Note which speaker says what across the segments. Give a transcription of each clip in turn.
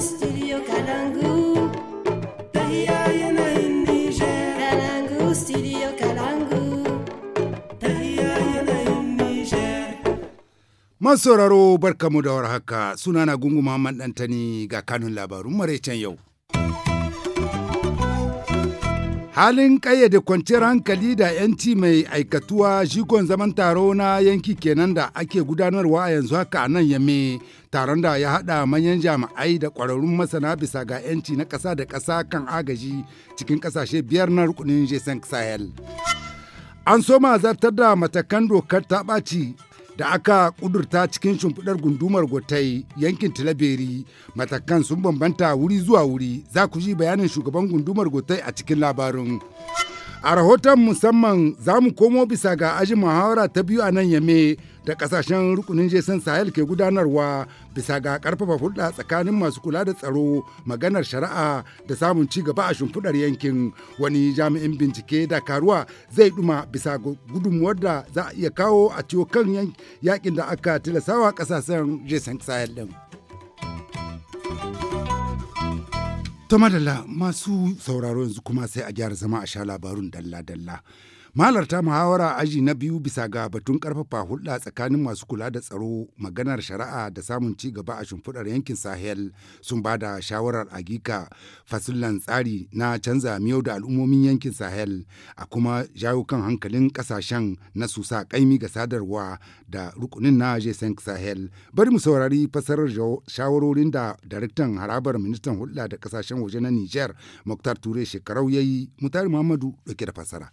Speaker 1: studio Kalangu. Tahia yana in Niger. Kalangu studio Kalangu. Tahia yana
Speaker 2: in Niger. Masauraro barkamu da warhaka sunana Gungu Muhammad Dantani ga kanun labarun can yau. halin kayyade kwanciyar hankali da 'yanci mai aikatuwa jigon zaman taro na yanki kenan da ake gudanarwa a yanzu haka a nan yame taron da ya haɗa manyan jami'ai da ƙwararrun masana bisa ga 'yanci na ƙasa da ƙasa kan agaji cikin ƙasashe biyar na rukunin jason sahel an soma zartar da matakan dokar ta ɓaci da aka kudurta cikin shimfiɗar gundumar gotai yankin tilaberi matakan sun bambanta wuri zuwa wuri za ku ji bayanin shugaban gundumar gotai a cikin labarin A rahoton musamman za mu komo bisa ga aji muhawara ta biyu a nan yame da kasashen rukunin jesan Sahel ke gudanarwa bisa ga karfafa hulɗa tsakanin masu kula da tsaro maganar shari'a da samun ci gaba a shimfiɗar yankin wani jami'in bincike da karuwa zai duma bisa gudunmuwar da za a iya kawo a ciwo kan yakin da aka tilasawa kasashen jesan Sahel ɗin. Ta madalla masu sauraro yanzu kuma sai a gyara zama a sha labarun dalla-dalla. Malarta muhawara aji na biyu bisa ga batun karfafa hulɗa tsakanin masu kula da tsaro maganar shari'a da samun ci gaba a shimfiɗar yankin Sahel sun ba da shawarar agika fasillan tsari na canza miyau da al'ummomin yankin Sahel a kuma jawo kan hankalin ƙasashen na su sa ƙaimi ga sadarwa da rukunin na Jason Sahel. Bari mu saurari fasarar shawarorin da daraktan harabar ministan hulɗa da ƙasashen waje na Niger Muktar Ture shekarau yi Mutari Muhammadu ɗauke da fasara.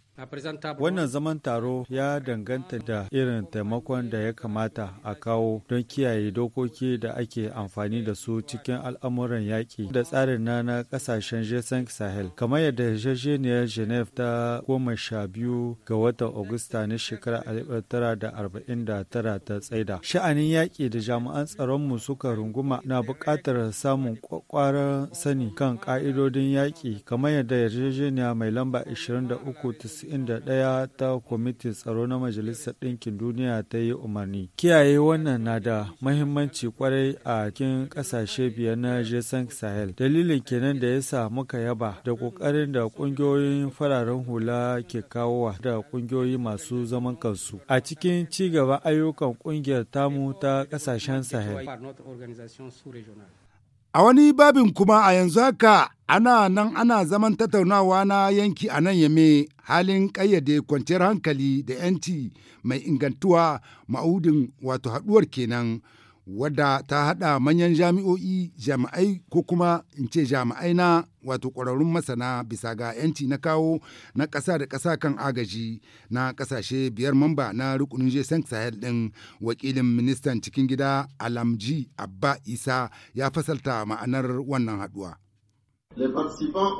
Speaker 3: Wannan zaman taro ya danganta da irin taimakon da ya kamata a kawo don kiyaye dokoki da ake amfani da su cikin al'amuran yaƙi da tsarin na na ƙasashen G5 Sahel. Kamar yadda yarjejeniyar geneve ta goma sha biyu ga watan Agusta na shekarar 1949 ta tsaida. Sha'anin yaƙi da jami'an tsaronmu suka runguma na buƙatar samun ƙwaƙwaran sani kan ƙa'idodin yaƙi kamar yadda mai lamba 23 ɗaya ta kwamitin tsaro na Majalisar Ɗinkin Duniya ta yi umarni. Kiyaye wannan na da mahimmanci kwarai a cikin ƙasashe biyar na Jason Sahel. Dalilin kenan da yasa muka yaba da ƙoƙarin da ƙungiyoyin fararen hula ke kawowa da ƙungiyoyi masu zaman kansu. A cikin ci gaban ayyukan ƙungiyar tamu ta ƙasashen Sahel.
Speaker 2: A wani babin kuma a yanzu haka ana nan ana zaman tattaunawa na yanki a nan yame halin ƙayyade kwanciyar hankali da 'yanci mai ingantuwa ma'udin wato haɗuwar kenan. wadda ta haɗa manyan jami'o'i jami'ai ko kuma in ce jami'ai na wato ƙwararrun masana bisa ga 'yanci na kawo na ƙasa da ƙasa kan agaji na ƙasashe biyar mamba na rukunin jason sahel ɗin wakilin ministan cikin gida alamji abba isa ya fasalta ma'anar wannan haɗuwa.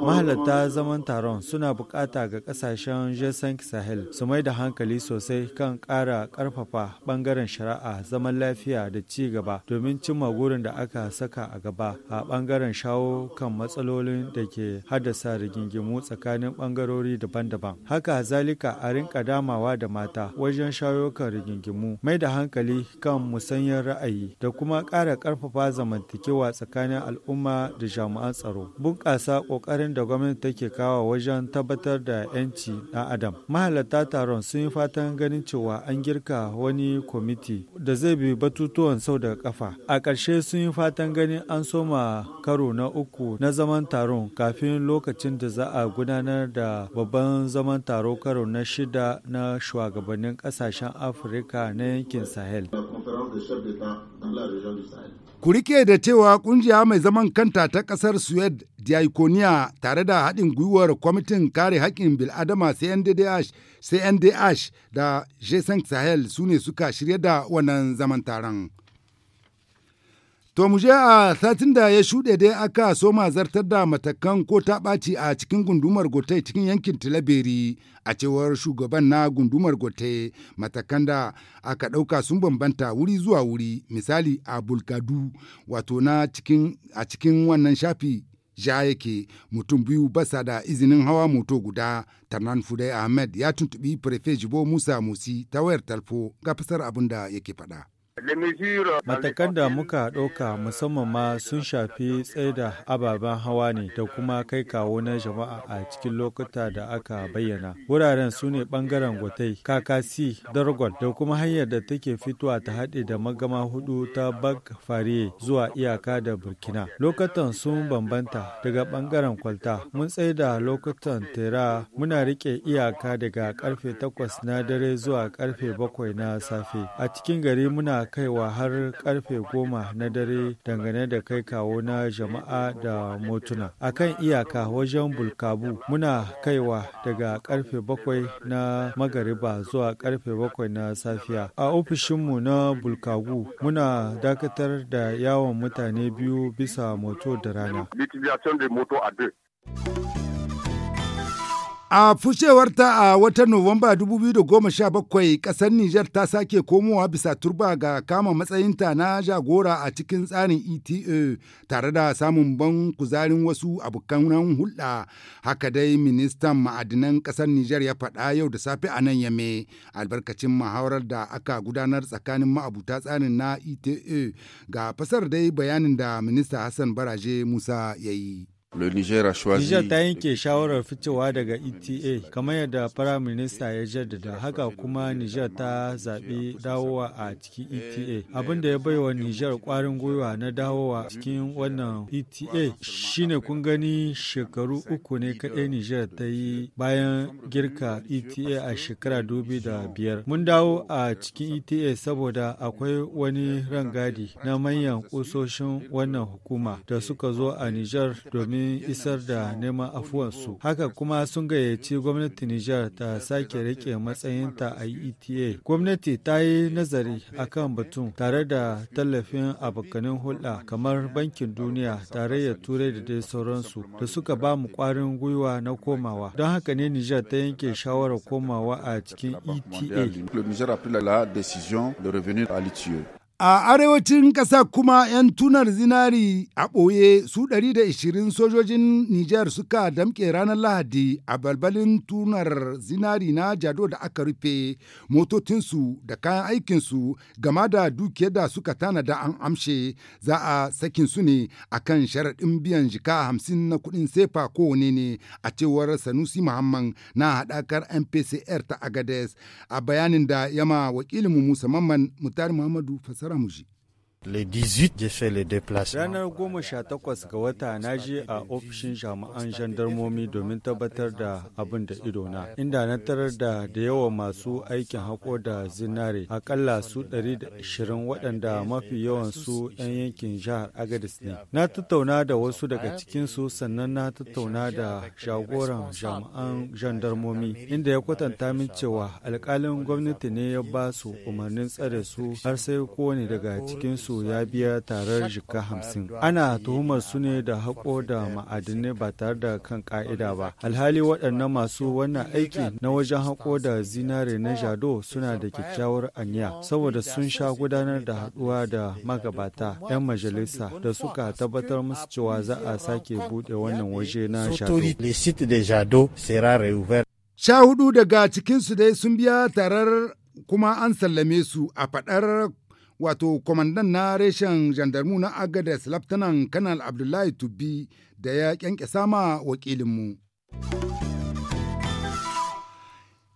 Speaker 3: Mahalarta zaman taron suna bukata ga kasashen g Sahel su mai da hankali sosai kan ƙara ƙarfafa bangaren shari'a zaman lafiya da ci gaba domin cimma gurin da aka saka a gaba a ɓangaren shawo kan matsalolin da ke haddasa rigingimu tsakanin bangarori daban-daban. Haka zalika a rinka damawa da mata wajen shawo kan rigingimu mai da hankali kan musanyar ra'ayi da kuma ƙara ƙarfafa zamantakewa tsakanin al'umma da jami'an tsaro. bunƙasa ƙoƙarin da gwamnati take kawo wajen tabbatar da 'yanci na adam mahalarta taron sun yi fatan ganin cewa an girka wani kwamiti da zai bi batutuwan sau da kafa a ƙarshe sun yi fatan ganin an soma karo na uku na zaman taron kafin lokacin da za a gudanar da babban zaman taro karo na shida na shugabannin
Speaker 2: ƙasashen afirka na yankin sahel Ku da cewa kungiya mai zaman kanta ta kasar Suwed diakoniya tare da haɗin gwiwar kwamitin kare haƙƙin bil'adama cndh cndh da jason sahel su ne suka shirya da wannan zaman taron To mu a satin da ya shuɗe dai aka soma zartar da matakan ko ta ɓaci a cikin gundumar gote cikin yankin Tilaberi a cewar shugaban na gundumar gote matakan da aka ɗauka sun bambanta wuri zuwa wuri misali a Bulgadu wato na a cikin wannan shafi ja yake mutum biyu basa da izinin hawa moto guda tarnan fudai ahmed ya tuntubi prefe jibo musa musi ta wayar talfo ga fasar abin da yake faɗa. Matakan da muka
Speaker 3: ɗauka musamman ma sun shafi tsaida ababen hawa ne da kuma kai kawo na jama'a a cikin lokuta da aka bayyana. Wuraren su ne ɓangaren gwatai, kakasi, dargon da kuma hanyar da take fitowa ta haɗe da magama hudu ta bag fariye zuwa iyaka da burkina. Lokutan sun bambanta daga ɓangaren kwalta. Mun tsaida lokutan tera muna riƙe iyaka daga karfe takwas na dare zuwa karfe bakwai na safe. A cikin gari muna kaiwa har karfe goma na dare dangane da kai kawo na jama'a da motuna. A kan iyaka wajen Bulkabu muna kaiwa daga karfe bakwai na magariba zuwa karfe bakwai na safiya. A ofishinmu na Bulkagu muna dakatar da yawon mutane biyu bisa moto da rana.
Speaker 2: A fushewarta a watan Nuwamba 2017 ƙasar Nijar ta sake komowa bisa turba ga kama matsayinta na jagora a cikin tsarin ETA tare da samun ban kuzarin wasu abokan hulɗa. Haka dai ministan ma'adinan ƙasar Nijar ya faɗa yau da safe a nan yame albarkacin muhawarar da aka gudanar tsakanin ma'abuta tsarin na ETA ga fasar dai bayanin da minista Hassan Baraje Musa ya yi. Le Niger a choisi Niger ta
Speaker 3: yanke shawarar fitowa daga ETA e kamar yadda Prime Minister ya jaddada haka kuma Niger ta zaɓi dawowa a cikin ETA. Abin da ya baiwa Niger ƙwarin gwiwa na dawowa cikin wannan ETA e shine kun gani shekaru uku ne kaɗai Niger ta yi bayan girka ETA a shekara dubi da biyar. Mun dawo a cikin ETA saboda akwai wani rangadi na manyan kusoshin wannan hukuma da suka zo a Niger domin domin isar da neman afuwarsu Haka kuma sun gayyaci gwamnati Nijar ta sake rike matsayinta a ETA. Gwamnati ta yi nazari a kan batun tare da tallafin abokanin hulɗa kamar Bankin Duniya, Tarayyar Turai da dai sauransu da suka ba mu ƙwarin gwiwa na komawa. Don haka ne Nijar ta yanke shawarar komawa a cikin ETA.
Speaker 2: A arewacin ƙasa kuma 'yan tunar zinari a ɓoye su 120 sojojin Nijar suka damƙe ranar Lahadi a balbalin tunar zinari na jado da aka rufe motocinsu da kayan aikinsu game da dukiyar da suka tanada an amshe za a sakin su ne a kan sharaɗin biyan jika hamsin na kuɗin sefa kowane ne a cewar Sanusi Muhammad na haɗakar MPCR ta Agades a bayanin da yama wakilin Musa Muhammadu Fasa sara mu
Speaker 3: Ranar goma sha takwas ga wata na je a ofishin jami'an gendarmerie domin tabbatar da abin da ido na. inda na tarar da da yawa masu aikin hako da zinare, akalla su 120 waɗanda mafi yawan su 'yan yankin jihar Agadis ne. Na tattauna da wasu daga cikinsu sannan na tattauna da shagoran jami'an gendarmerie. inda ya kwatanta min cewa alkalin gwamnati ne ya ba su umarnin tsare su har sai kowane daga cikinsu su ya biya tarar jika hamsin. Ana tuhumar su ne da haƙo da ma'adinai ba tare da kan ƙa'ida ba. Alhali waɗannan masu wannan aiki na wajen haƙo da zinare na jado suna da kyakkyawar aniya saboda sun sha gudanar da haɗuwa da magabata 'yan majalisa da suka tabbatar musu cewa za a sake buɗe wannan waje na
Speaker 2: jado. Sha hudu daga cikinsu dai sun biya tarar kuma an sallame su a faɗar wato kwamandan na reshen jandarmu na agadas laftanan kanal abdullahi tubi da ya kyanke ma wakilinmu.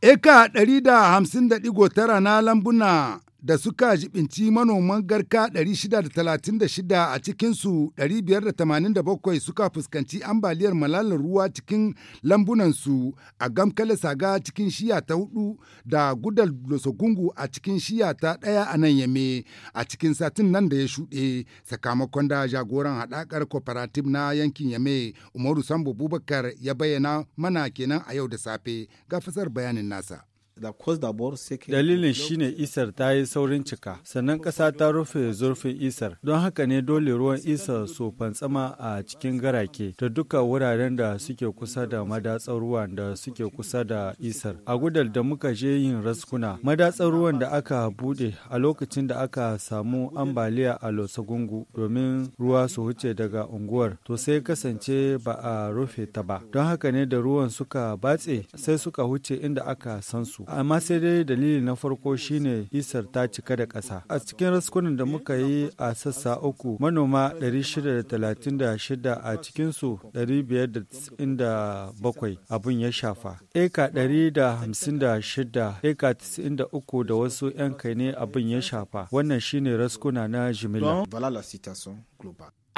Speaker 2: Eka 159 na lambuna da suka jibinci manoman garka 636 a cikinsu 587 suka fuskanci ambaliyar malalar ruwa cikin lambunansu a gamkale saga cikin shiya ta hudu da gudal losogungu a cikin shiya ta daya a nan yame a cikin satin nan da ya shuɗe sakamakon da jagoran haɗakar cooperative na yankin yame umaru sambo bubakar ya bayyana mana kenan a yau da safe ga fasar bayanin nasa Dalilin
Speaker 3: shine isar ta yi saurin cika, sannan ƙasa ta rufe zurfin isar, don haka ne dole ruwan isar su fantsama a cikin garake da duka wuraren da suke kusa da madatsar ruwan da suke kusa da isar. A gudal da muka je yin raskuna, madatsar ruwan da aka buɗe a lokacin da aka samu ambaliya a Losagungu domin ruwa su wuce daga unguwar, to sai kasance ba a rufe ta ba. Don haka ne da ruwan suka batse sai suka wuce inda aka san su. amma sai dai dalili na farko shine isar ta cika da ƙasa a cikin raskunan da muka yi a sassa uku manoma 636 a cikinsu 597 abin ya shafa eka 156 eka 93 da wasu 'yan kai ne abin ya shafa wannan shine raskuna na jimila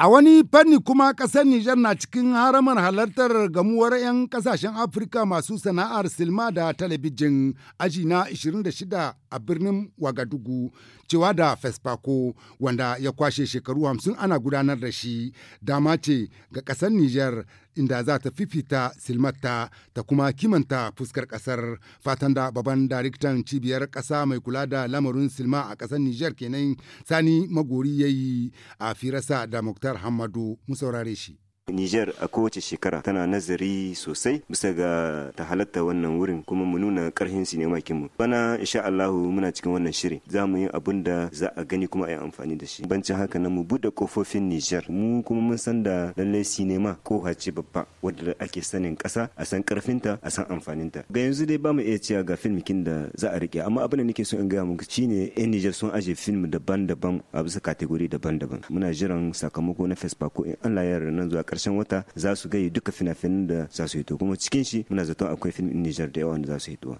Speaker 2: A wani fanni kuma ƙasar Nijar na cikin haramar halartar gamuwar 'yan ƙasashen Afirka masu sana'ar silma da talabijin aji na 26 a birnin Wagadugu cewa da Fesfako wanda ya kwashe shekaru 50 ana gudanar da shi dama ce ga ƙasar Nijar inda za ta fifita silmata ta kuma kimanta fuskar kasar fatan da babban daraktan cibiyar kasa mai kula da lamarin silma a kasar Niger kenan Sani Magori yayi a firasa da Muktar Hamadu mu saurare shi.
Speaker 3: Nijar a kowace shekara tana nazari sosai bisa ga ta halatta wannan wurin kuma mu nuna karhin sinema kinmu Bana insha Allahu muna cikin wannan shirin za mu yi abun da za a gani kuma a yi amfani da shi. Bancin haka na mu buɗe kofofin Nijar mu kuma mun san da lallai sinema ko hace babba wadda ake sanin ƙasa a san ƙarfinta a san amfaninta. Ga yanzu dai ba mu iya cewa ga kin da za a rike amma abin da nake so in gaya muku shine 'yan Nijar sun aje film daban-daban a bisa kategori daban-daban. Muna jiran sakamako na Facebook ko in Allah ya nan zuwa karshen wata za su gaye duka fina-finan da za su hito kuma cikin shi muna zaton akwai fim Nijar da yawa wanda za su hitowa.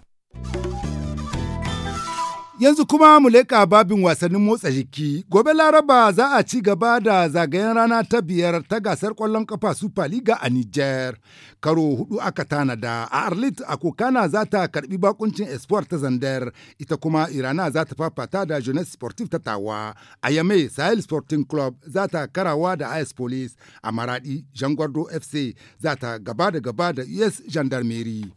Speaker 2: Yanzu kuma mu leƙa babin wasannin motsa jiki. Gobe Laraba za a ci gaba da zagayen rana ta biyar ta gasar kwallon kafa Super League a Niger. Karo hudu aka tanada. A Arlit a Kokana za ta karbi bakuncin Espoir ta Zander. Ita kuma Irana za ta fafata da Jeunesse Sportive ta Tawa. A Yame Sahel Sporting Club za ta karawa da AS Police. A Maradi Jangwardo FC za ta gaba da gaba da US Gendarmerie.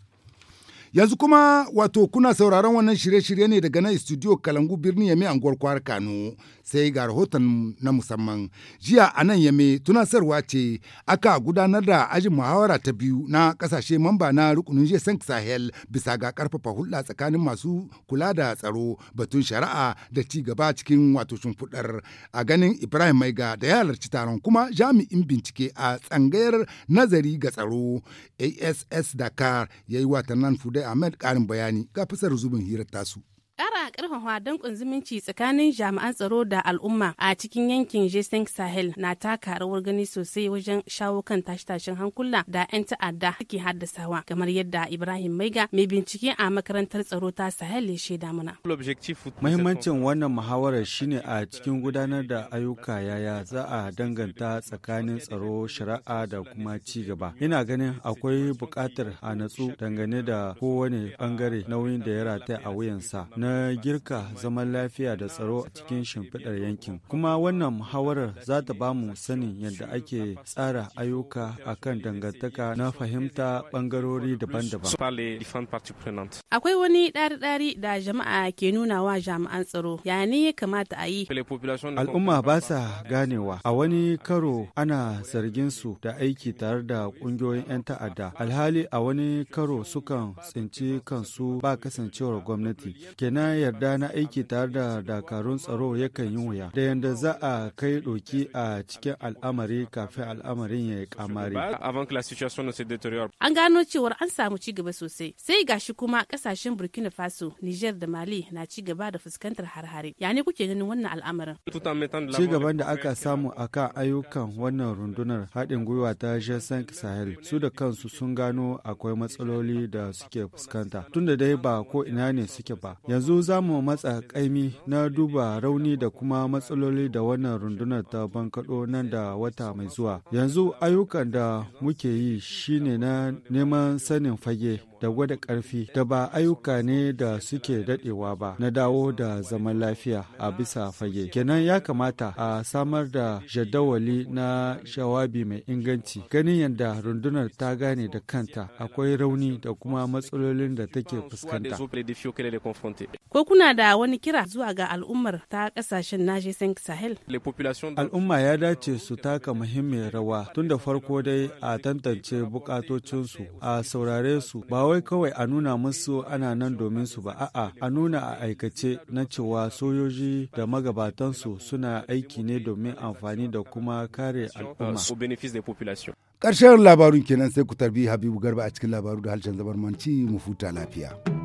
Speaker 2: Yanzu kuma wato kuna sauraron wannan shirye-shirye ne daga nan studio Kalangu birnin Yami anguwar Kwara Kano. sai ga rahoton na musamman. Jiya a nan yame tunasarwa ce aka gudanar da ajin muhawara ta biyu na kasashe mamba na rukunin g sank Sahel bisa ga karfafa hulɗa tsakanin masu kula da tsaro batun shari'a da ci gaba cikin wato shimfiɗar a ganin Ibrahim Maiga da ya halarci taron kuma jami'in bincike a tsangayar nazari ga tsaro ASS Dakar ya yi nan Fudai Ahmed karin bayani ga fasar zubin hirar tasu.
Speaker 1: a karfafa dankon zumunci tsakanin jami'an tsaro da al'umma a cikin yankin Jason Sahel na taka rawar gani sosai wajen shawo kan tashe-tashen hankula da 'yan ta'adda suke haddasawa kamar yadda Ibrahim Maiga mai bincike a makarantar tsaro ta Sahel ya shaida mana. Muhimmancin
Speaker 3: wannan muhawarar shine a cikin gudanar da ayyuka yaya za a danganta tsakanin tsaro shari'a da kuma ci gaba. Ina ganin akwai buƙatar a natsu dangane da kowane bangare nauyin da ya rataya a wuyansa na girka zaman lafiya da tsaro a cikin shimfiɗar yankin. Kuma wannan muhawarar za ta ba mu sanin yadda ake tsara ayyuka akan dangantaka na fahimta ɓangarori daban-daban.
Speaker 1: Akwai wani ɗari-ɗari da jama'a ke nuna wa jami'an tsaro, ya ne ya kamata a yi? Al'umma
Speaker 3: ba sa ganewa. A wani karo ana zargin su da aiki tare da ƙungiyoyin 'yan ta'adda. Alhali a wani karo sukan tsinci kansu ba kasancewar gwamnati. Kenan yarda na aiki tare da dakarun tsaro yakan yi wuya da yadda za a kai doki a cikin al'amari kafin al'amarin ya yi kamari.
Speaker 1: An gano cewar an samu ci gaba sosai. Sai gashi kuma kasashen Burkina Faso, Niger da Mali na ci gaba da fuskantar harhare. Ya ne kuke ganin wannan al'amarin? Ci
Speaker 3: gaban da aka samu a kan ayyukan wannan rundunar haɗin gwiwa ta Jason Sahel su da kansu sun gano akwai matsaloli da suke fuskanta. Tunda dai ba ko ina ne suke ba. Yanzu za za mu matsa kaimi na duba rauni da kuma matsaloli da wannan rundunar ta bankaɗo nan da wata mai zuwa. Yanzu ayyukan da muke yi shine na neman sanin fage da gwada ƙarfi da ba ayyuka ne da suke daɗewa ba na dawo da zaman lafiya a bisa fage. Kenan ya kamata a samar da jadawali na shawabi mai inganci ganin yadda rundunar ta gane da kanta akwai rauni da kuma matsalolin da take fuskanta.
Speaker 1: Ko kuna da wani kira zuwa ga al'ummar ta kasashen Naje Sahel?
Speaker 3: Al'umma ya dace su taka muhimmiyar rawa tun da farko dai a tantance bukatocinsu a saurare su ba wai kawai a nuna musu ana nan domin su ba a'a a nuna a aikace na cewa sojoji da magabatansu suna aiki ne domin amfani da kuma kare al'umma
Speaker 2: ƙarshen labarun kenan sai ku tarbi habibu garba a cikin labaru da halshen manci mu futa lafiya